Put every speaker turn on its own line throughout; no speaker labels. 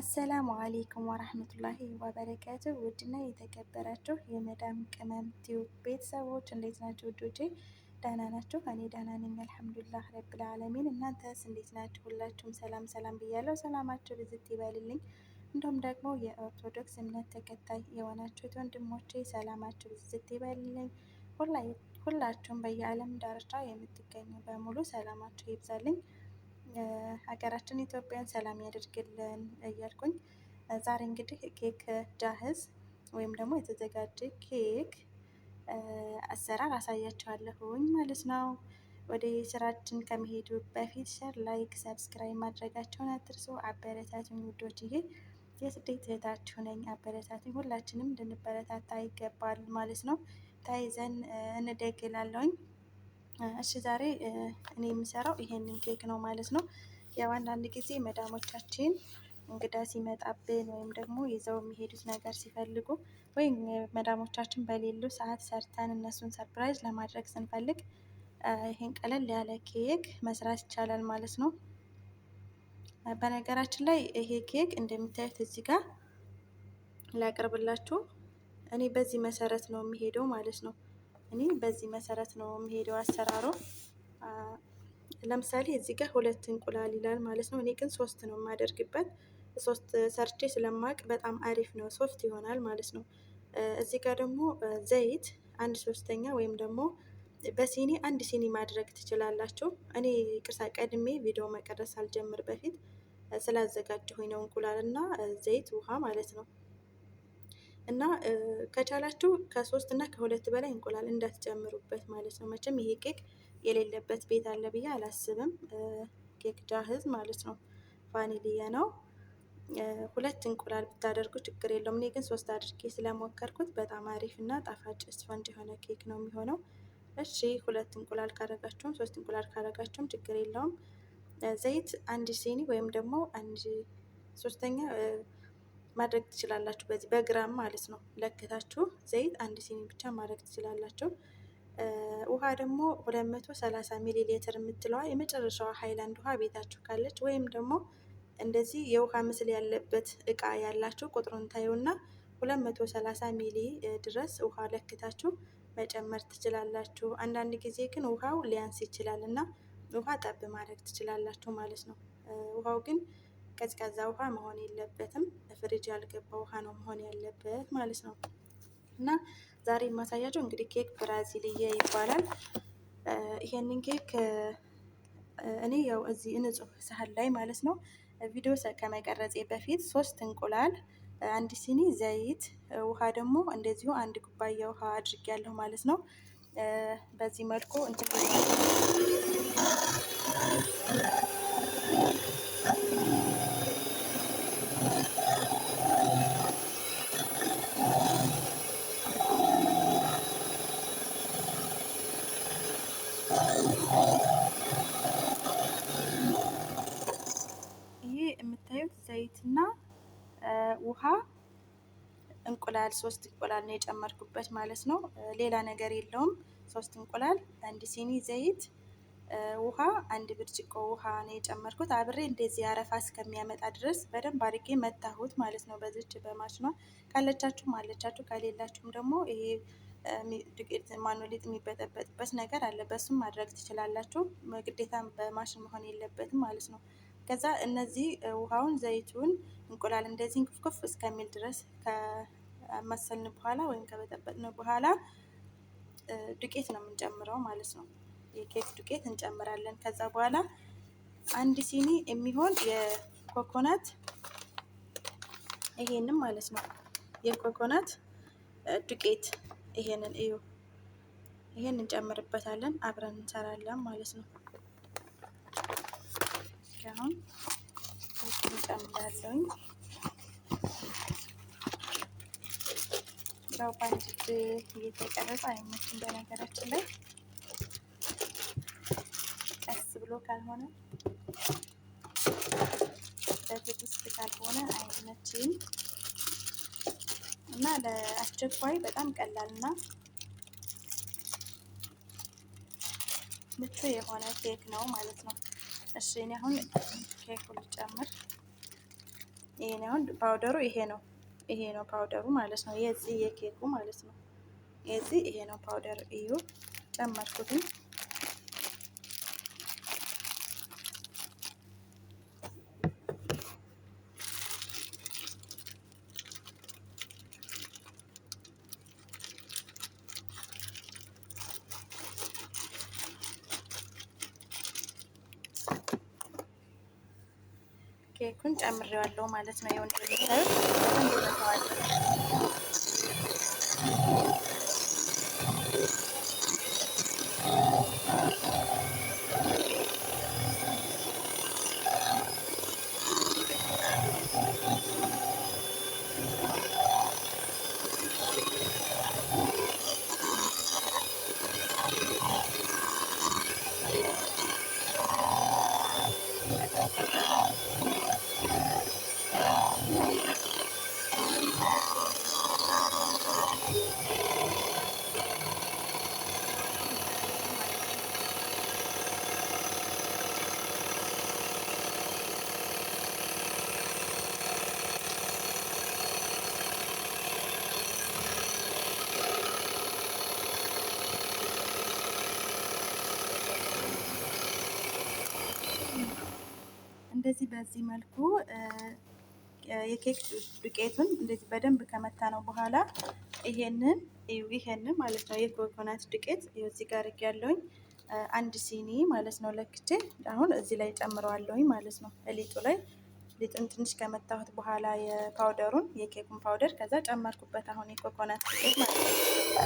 አሰላሙ አሌይኩም ወራህመቱላሂ ወበረካቱ። ውድና የተከበራችሁ የመዳም ቅመም ቲዩብ ቤተሰቦች እንዴት ናችሁ? ውዶቼ ደህና ናችሁ? እኔ ደህና ነኝ አልሐምዱሊላህ ረብል ዓለሚን። እናንተስ እንዴት ናችሁ? ሁላችሁም ሰላም ሰላም ብያለሁ። ሰላማችሁ ብዝት ይበልልኝ። እንዲሁም ደግሞ የኦርቶዶክስ እምነት ተከታይ የሆናችሁት ወንድሞቼ ሰላማችሁ ብዝት ይበልልኝ። ሁላችሁም በየዓለም ዳርቻ የምትገኙ በሙሉ ሰላማችሁ ይብዛልኝ። ሀገራችን ኢትዮጵያን ሰላም ያደርግልን እያልኩኝ ዛሬ እንግዲህ ኬክ ዳህዝ ወይም ደግሞ የተዘጋጀ ኬክ አሰራር አሳያችኋለሁኝ ማለት ነው። ወደ ስራችን ከመሄዱ በፊት ሸር፣ ላይክ፣ ሰብስክራይብ ማድረጋቸውን አትርሱ። አበረታቱኝ ይሄ የስደት እህታችሁ ነኝ። አበረታቱኝ። ሁላችንም ልንበረታታ ይገባል ማለት ነው። ተያይዘን እንደግላለሁኝ። እሺ ዛሬ እኔ የምሰራው ይሄንን ኬክ ነው ማለት ነው። ያው አንዳንድ ጊዜ መዳሞቻችን እንግዳ ሲመጣብን ወይም ደግሞ ይዘው የሚሄዱት ነገር ሲፈልጉ ወይም መዳሞቻችን በሌሉ ሰዓት ሰርተን እነሱን ሰርፕራይዝ ለማድረግ ስንፈልግ ይህን ቀለል ያለ ኬክ መስራት ይቻላል ማለት ነው። በነገራችን ላይ ይሄ ኬክ እንደምታዩት እዚህ ጋር ላቅርብላችሁ እኔ በዚህ መሰረት ነው የሚሄደው ማለት ነው። እኔ በዚህ መሰረት ነው የሚሄደው አሰራሩ። ለምሳሌ እዚህ ጋር ሁለት እንቁላል ይላል ማለት ነው። እኔ ግን ሶስት ነው የማደርግበት። ሶስት ሰርቼ ስለማቅ በጣም አሪፍ ነው፣ ሶፍት ይሆናል ማለት ነው። እዚህ ጋር ደግሞ ዘይት አንድ ሶስተኛ ወይም ደግሞ በሲኒ አንድ ሲኒ ማድረግ ትችላላችሁ። እኔ ቅርሳ ቀድሜ ቪዲዮ መቀረስ አልጀምር በፊት ስላዘጋጀሁኝ ነው እንቁላል እና ዘይት ውሃ ማለት ነው። እና ከቻላችሁ ከሶስት እና ከሁለት በላይ እንቁላል እንዳትጨምሩበት ማለት ነው። መቼም ይሄ ኬክ የሌለበት ቤት አለ ብዬ አላስብም። ኬክ ጃህዝ ማለት ነው። ቫኒሊያ ነው። ሁለት እንቁላል ብታደርጉ ችግር የለውም። እኔ ግን ሶስት አድርጌ ስለሞከርኩት በጣም አሪፍ እና ጣፋጭ ስፈንድ የሆነ ኬክ ነው የሚሆነው። እሺ ሁለት እንቁላል ካረጋችሁም ሶስት እንቁላል ካረጋችሁም ችግር የለውም። ዘይት አንድ ሲኒ ወይም ደግሞ አንድ ሶስተኛ ማድረግ ትችላላችሁ። በዚህ በግራም ማለት ነው ለክታችሁ ዘይት አንድ ሲኒ ብቻ ማድረግ ትችላላችሁ። ውሃ ደግሞ 230 ሚሊ ሊትር የምትለዋ የመጨረሻዋ ሀይላንድ ውሃ ቤታችሁ ካለች ወይም ደግሞ እንደዚህ የውሃ ምስል ያለበት እቃ ያላችሁ ቁጥሩን ታዩና 230 ሚሊ ድረስ ውሃ ለክታችሁ መጨመር ትችላላችሁ። አንዳንድ ጊዜ ግን ውሃው ሊያንስ ይችላል እና ውሃ ጠብ ማድረግ ትችላላችሁ ማለት ነው። ውሃው ግን ቀዝቃዛ ውሃ መሆን የለበትም። በፍሪጅ ያልገባ ውሃ ነው መሆን ያለበት ማለት ነው። እና ዛሬ የማሳያቸው እንግዲህ ኬክ ብራዚልየ ይባላል። ይሄንን ኬክ እኔ ያው እዚህ ንጹህ ሳህን ላይ ማለት ነው ቪዲዮ ከመቀረጼ በፊት ሶስት እንቁላል፣ አንድ ሲኒ ዘይት፣ ውሃ ደግሞ እንደዚሁ አንድ ኩባያ ውሃ አድርጌያለሁ ማለት ነው። በዚህ መልኩ እንትን እንቁላል ሶስት እንቁላል ነው የጨመርኩበት ማለት ነው። ሌላ ነገር የለውም። ሶስት እንቁላል፣ አንድ ሲኒ ዘይት፣ ውሃ፣ አንድ ብርጭቆ ውሃ ነው የጨመርኩት። አብሬ እንደዚህ አረፋ እስከሚያመጣ ድረስ በደንብ አድርጌ መታሁት ማለት ነው። በዚች በማሽኗ ካለቻችሁም አለቻችሁ፣ ከሌላችሁም ደግሞ ይሄ ዱቄት ማኖሊጥ የሚበጠበጥበት ነገር አለ። በሱም ማድረግ ትችላላችሁ። ግዴታ በማሽን መሆን የለበትም ማለት ነው። ከዛ እነዚህ ውሃውን፣ ዘይቱን፣ እንቁላል እንደዚህ እንክፍክፍ እስከሚል ድረስ ከመሰልን በኋላ ወይም ከበጠበጥን በኋላ ዱቄት ነው የምንጨምረው ማለት ነው። የኬክ ዱቄት እንጨምራለን። ከዛ በኋላ አንድ ሲኒ የሚሆን የኮኮናት ይሄንም ማለት ነው የኮኮናት ዱቄት ይሄንን እዩ። ይሄን እንጨምርበታለን አብረን እንሰራለን ማለት ነው። አሁን እንጨምራለሁ ያው በአንድ እጅ እየተቀረጸ አይመችም። በነገራችን ላይ ቀስ ብሎ ካልሆነ በትዕግስት ካልሆነ አይመችም እና ለአስቸኳይ በጣም ቀላልና ምቹ የሆነ ኬክ ነው ማለት ነው። እሺ እኔ አሁን ኬኩን ልጨምር። ይሄን አሁን ፓውደሩ ይሄ ነው። ይሄ ነው ፓውደሩ ማለት ነው። የዚህ የኬኩ ማለት ነው። የዚህ ይሄ ነው ፓውደር እዩ ጨመርኩትኝ። ኬኩን ጨምሬዋለሁ ማለት ነው። የወንድ የሚታዩት እንደዚህ በዚህ መልኩ የኬክ ዱቄቱን እንደዚህ በደንብ ከመታ ነው በኋላ ይሄንን ይሄንን ማለት ነው የኮኮናት ዱቄት እዚህ ጋር ያለውኝ አንድ ሲኒ ማለት ነው ለክቼ አሁን እዚህ ላይ ጨምረዋለሁኝ ማለት ነው ሊጡ ላይ ሊጡን ትንሽ ከመታሁት በኋላ የፓውደሩን የኬኩን ፓውደር ከዛ ጨመርኩበት አሁን የኮኮናት ዱቄት ማለት ነው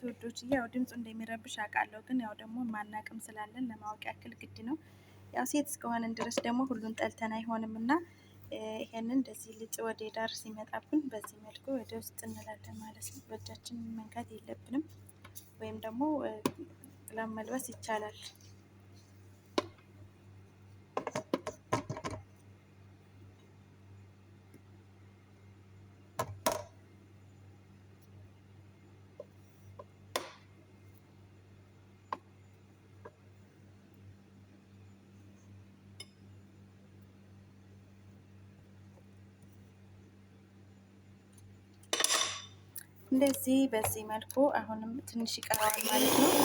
አስተያየት ውዶች፣ ያው ድምፁ እንደሚረብሽ አውቃለሁ፣ ግን ያው ደግሞ ማናቅም ስላለን ለማወቅ ያክል ግድ ነው። ያው ሴት እስከሆነን ድረስ ደግሞ ሁሉን ጠልተን አይሆንም እና ይሄንን እንደዚህ ልጥ ወደ ዳር ሲመጣብን በዚህ መልኩ ወደ ውስጥ እንላለን ማለት ነው። በእጃችን መንካት የለብንም ወይም ደግሞ ለመልበስ ይቻላል። እንደዚህ በዚህ መልኩ አሁንም ትንሽ ይቀረዋል ማለት ነው።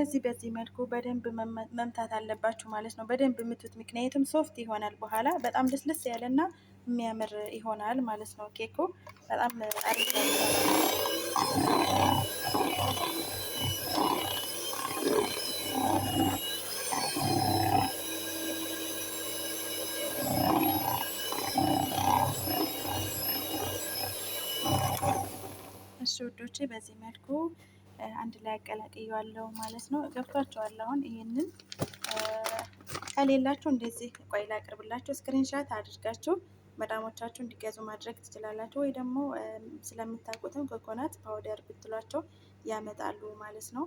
እንደዚህ በዚህ መልኩ በደንብ መምታት አለባችሁ ማለት ነው። በደንብ ምቱት፣ ምክንያቱም ሶፍት ይሆናል በኋላ በጣም ልስልስ ያለና የሚያምር ይሆናል ማለት ነው። ኬኩ በጣም አሪፍ እሺ ውዶቼ በዚህ መልኩ አንድ ላይ አቀላቅየዋለሁ ማለት ነው። ገብቷቸዋል። አሁን ይህንን ከሌላችሁ እንደዚህ ቆይ ላቅርብላችሁ፣ ስክሪንሻት አድርጋችሁ መዳሞቻችሁ እንዲገዙ ማድረግ ትችላላችሁ። ወይ ደግሞ ስለምታውቁትም ኮኮናት ፓውደር ብትሏቸው ያመጣሉ ማለት ነው።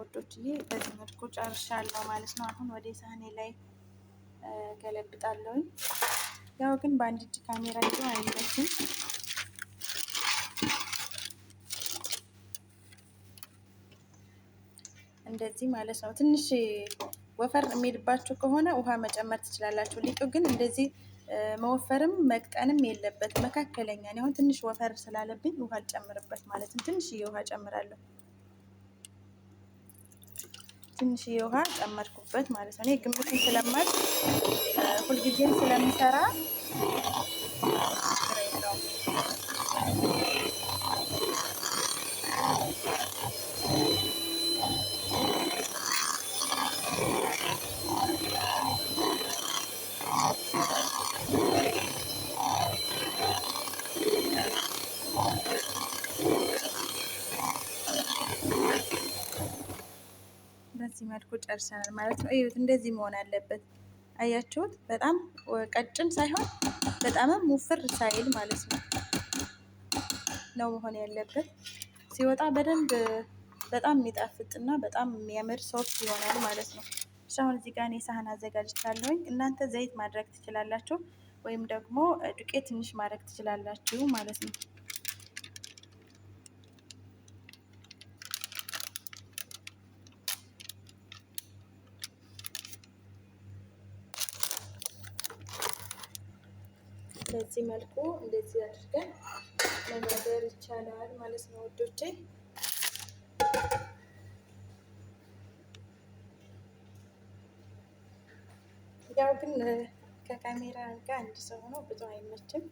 ወዶችዬ በዚህ መልኩ ጨርሻለሁ ማለት ነው። አሁን ወደ ሳህኔ ላይ ገለብጣለሁኝ። ያው ግን በአንድ እጅ ካሜራ ይዞ አይመችም። እንደዚህ ማለት ነው። ትንሽ ወፈር የሚሄድባችሁ ከሆነ ውሃ መጨመር ትችላላችሁ። ሊጡ ግን እንደዚህ መወፈርም መቅጠንም የለበት መካከለኛ። እኔ አሁን ትንሽ ወፈር ስላለብኝ ውሃ አልጨምርበት ማለት ነው። ትንሽ ውሃ ጨምራለሁ። ትንሽዬ ውሃ ጨመርኩበት ማለት ነው። እኔ ግምትን ስለማድ ሁልጊዜም ስለምሰራ በዚህ መልኩ ጨርሰናል ማለት ነው። እዩት፣ እንደዚህ መሆን አለበት። አያችሁት? በጣም ቀጭን ሳይሆን በጣምም ውፍር ሳይል ማለት ነው ነው መሆን ያለበት። ሲወጣ በደንብ በጣም የሚጣፍጥ እና በጣም የሚያምር ሶፍት ይሆናል ማለት ነው። እሺ አሁን እዚህ ጋር እኔ ሳህን አዘጋጅቻለሁኝ። እናንተ ዘይት ማድረግ ትችላላችሁ፣ ወይም ደግሞ ዱቄት ትንሽ ማድረግ ትችላላችሁ ማለት ነው። በዚህ መልኩ እንደዚህ አድርገን መጋገር ይቻላል ማለት ነው ወዶቼ። ያው ግን ከካሜራ ጋር አንድ ሰው ሆኖ ብዙ አይመችም።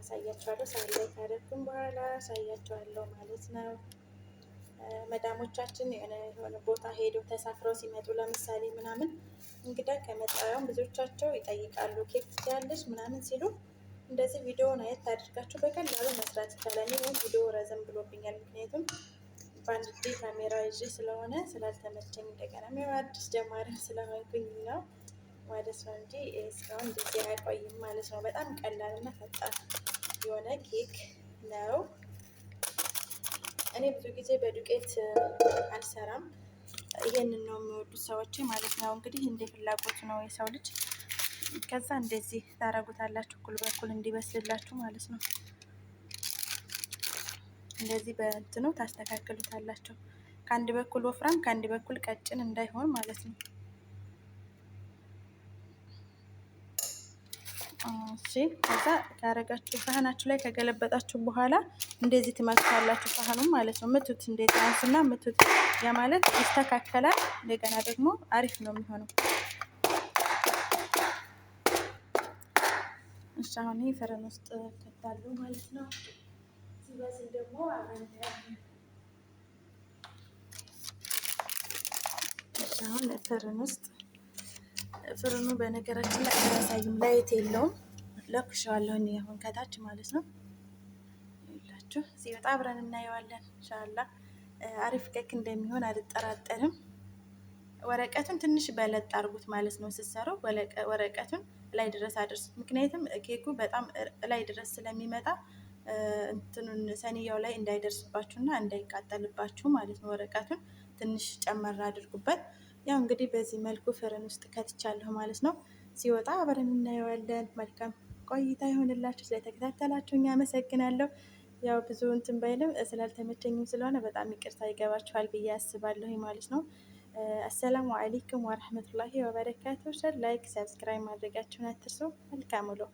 አሳያችኋለሁ ሳይለኝ ካደረግኩም በኋላ አሳያችኋለሁ ማለት ነው። መዳሞቻችን የሆነ ቦታ ሄደው ተሳፍረው ሲመጡ ለምሳሌ ምናምን እንግዳ ከመጣያውም ብዙቻቸው ይጠይቃሉ ኬክ ትችያለሽ ምናምን ሲሉ እንደዚህ ቪዲዮውን አየት አድርጋችሁ በቀላሉ መስራት ይቻላል። ይሁን ቪዲዮ ረዘም ብሎብኛል፣ ምክንያቱም በአንድ ጊዜ ካሜራ ይዤ ስለሆነ ስላልተመቸኝ እንደገና አዲስ ጀማሪ ስለሆንኩኝ ነው ማለት ነው እንጂ እስካሁን እንደዚህ አይቆይም ማለት ነው። በጣም ቀላል እና ፈጣን የሆነ ኬክ ነው። እኔ ብዙ ጊዜ በዱቄት አልሰራም። ይሄንን ነው የሚወዱት ሰዎች ማለት ነው። እንግዲህ እንደ ፍላጎት ነው የሰው ልጅ። ከዛ እንደዚህ ታረጉታላችሁ እኩል በኩል እንዲበስልላችሁ ማለት ነው። እንደዚህ በእንትኑ ታስተካክሉታላችሁ። ከአንድ በኩል ወፍራም ከአንድ በኩል ቀጭን እንዳይሆን ማለት ነው። እሺ ከዛ ካረጋችሁ ሳህናችሁ ላይ ከገለበጣችሁ በኋላ እንደዚህ ትመቱታላችሁ። ሳህኑም ማለት ነው ምቱት፣ እንደዚህ አንስና ምቱት። ያ ማለት ይስተካከላል። እንደገና ደግሞ አሪፍ ነው የሚሆነው። እሺ አሁን ፈረን ውስጥ ከታሉ ማለት ነው። ሲበስል ደግሞ አሁን ፈረን ውስጥ ፍርኑ በነገራችን ላይ አያሳይም፣ ላይት የለውም። ለኩሸዋለሁ እኔ አሁን ከታች ማለት ነው ላችሁ እዚህ አብረን እናየዋለን እንሻላ። አሪፍ ኬክ እንደሚሆን አልጠራጠርም። ወረቀቱን ትንሽ በለጥ አርጉት ማለት ነው ስትሰሩ፣ ወረቀቱን ላይ ድረስ አድርሱት። ምክንያቱም ኬኩ በጣም ላይ ድረስ ስለሚመጣ እንትኑን ሰንያው ላይ እንዳይደርስባችሁና እንዳይቃጠልባችሁ ማለት ነው። ወረቀቱን ትንሽ ጨመር አድርጉበት። ያው እንግዲህ በዚህ መልኩ ፍርን ውስጥ ከትቻለሁ ማለት ነው። ሲወጣ አብረን እናየዋለን። መልካም ቆይታ ይሆንላችሁ። እኛ አመሰግናለሁ። ያው ብዙ እንትን ባይልም ስላልተመቸኝም ስለሆነ በጣም ይቅርታ ይገባችኋል ብዬ አስባለሁ ማለት ነው። አሰላሙ አሌይኩም ወረህመቱላሂ ወበረካቱ። ላይክ፣ ሰብስክራይብ ማድረጋችሁን አትርሱ። መልካም ውሎ